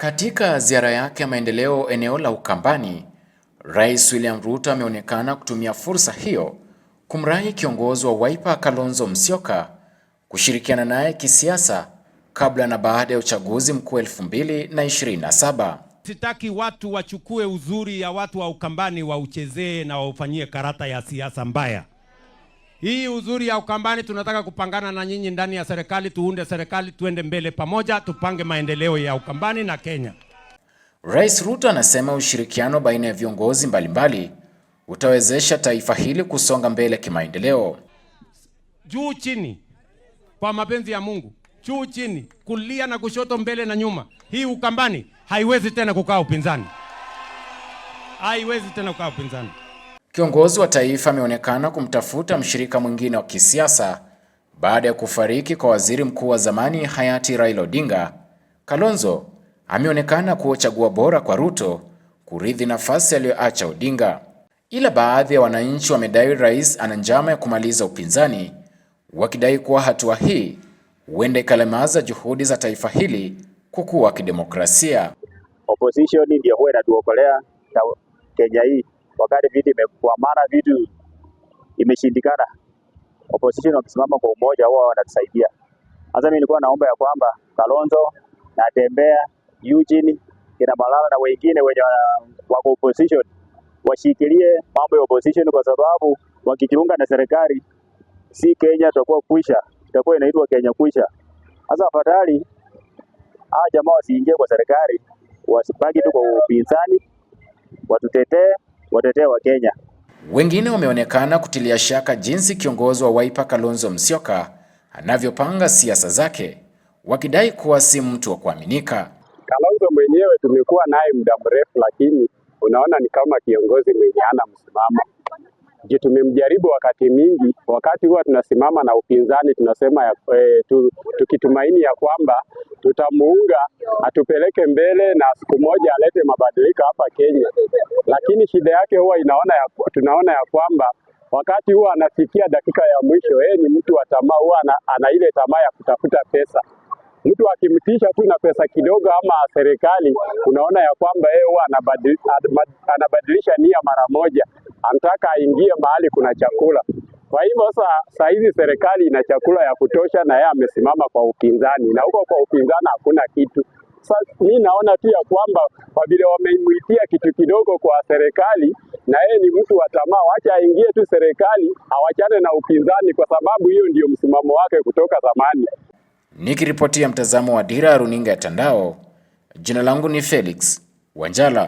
Katika ziara yake ya maendeleo eneo la Ukambani, Rais William Ruto ameonekana kutumia fursa hiyo kumrai kiongozi wa Wiper Kalonzo Musyoka kushirikiana naye kisiasa kabla na baada ya uchaguzi mkuu 2027. Sitaki watu wachukue uzuri ya watu wa Ukambani wauchezee na waufanyie karata ya siasa mbaya. Hii uzuri ya Ukambani, tunataka kupangana na nyinyi ndani ya serikali, tuunde serikali, tuende mbele pamoja, tupange maendeleo ya Ukambani na Kenya. Rais Ruto anasema ushirikiano baina ya viongozi mbalimbali utawezesha taifa hili kusonga mbele kimaendeleo. Juu chini, kwa mapenzi ya Mungu, juu chini, kulia na kushoto, mbele na nyuma, hii Ukambani haiwezi tena kukaa upinzani, haiwezi tena kukaa upinzani. Kiongozi wa taifa ameonekana kumtafuta mshirika mwingine wa kisiasa baada ya kufariki kwa waziri mkuu wa zamani hayati Raila Odinga. Kalonzo ameonekana kuwa chaguo bora kwa Ruto kurithi nafasi aliyoacha Odinga, ila baadhi ya wananchi wamedai rais ana njama ya kumaliza upinzani, wakidai kuwa hatua hii huenda ikalemaza juhudi za taifa hili kukua kidemokrasia. Opposition ndio huwa inatuokolea Kenya hii wakati vitu imekuwa maana vitu imeshindikana, opposition wakisimama kwa umoja huwa wanatusaidia. Sasa mimi nilikuwa naomba ya kwamba Kalonzo na Tembea, Eugene, kina Malala na wengine wenye wako opposition washikilie mambo ya opposition, kwa sababu wakijiunga na serikali si Kenya itakuwa kuisha, itakuwa inaitwa Kenya kuisha. Sasa afadhali hawa jamaa wasiingie kwa serikali, wasibaki tu kwa upinzani, watutetee watetee wa Kenya. Wengine wameonekana kutilia shaka jinsi kiongozi wa Wiper Kalonzo Musyoka anavyopanga siasa zake, wakidai kuwa si mtu wa kuaminika. Kalonzo mwenyewe tumekuwa naye muda mrefu, lakini unaona ni kama kiongozi mwenye hana msimamo Je, tumemjaribu wakati mingi. Wakati huwa tunasimama na upinzani tunasema ya, e, tu, tukitumaini ya kwamba tutamuunga atupeleke mbele na siku moja alete mabadiliko hapa lakini shida yake huwa inaona ya, tunaona ya kwamba wakati huwa anafikia dakika ya mwisho, yeye ni mtu wa tamaa, huwa ana, ana ile tamaa ya kutafuta pesa. Mtu akimtisha tu na pesa kidogo ama serikali, unaona ya kwamba yeye huwa anabadilisha nia mara moja, anataka aingie mahali kuna chakula. Kwa hivyo sasa, sa hizi serikali ina chakula ya kutosha, na yeye amesimama kwa upinzani, na huko kwa upinzani hakuna kitu. Sasa naona tu ya kwamba kwa vile wamemwitia kitu kidogo kwa serikali, na yeye ni mtu wa tamaa, wacha aingie tu serikali, awachane na upinzani, kwa sababu hiyo ndiyo msimamo wake kutoka zamani. Nikiripotia mtazamo wa Dira ya Runinga ya Tandao, jina langu ni Felix Wanjala.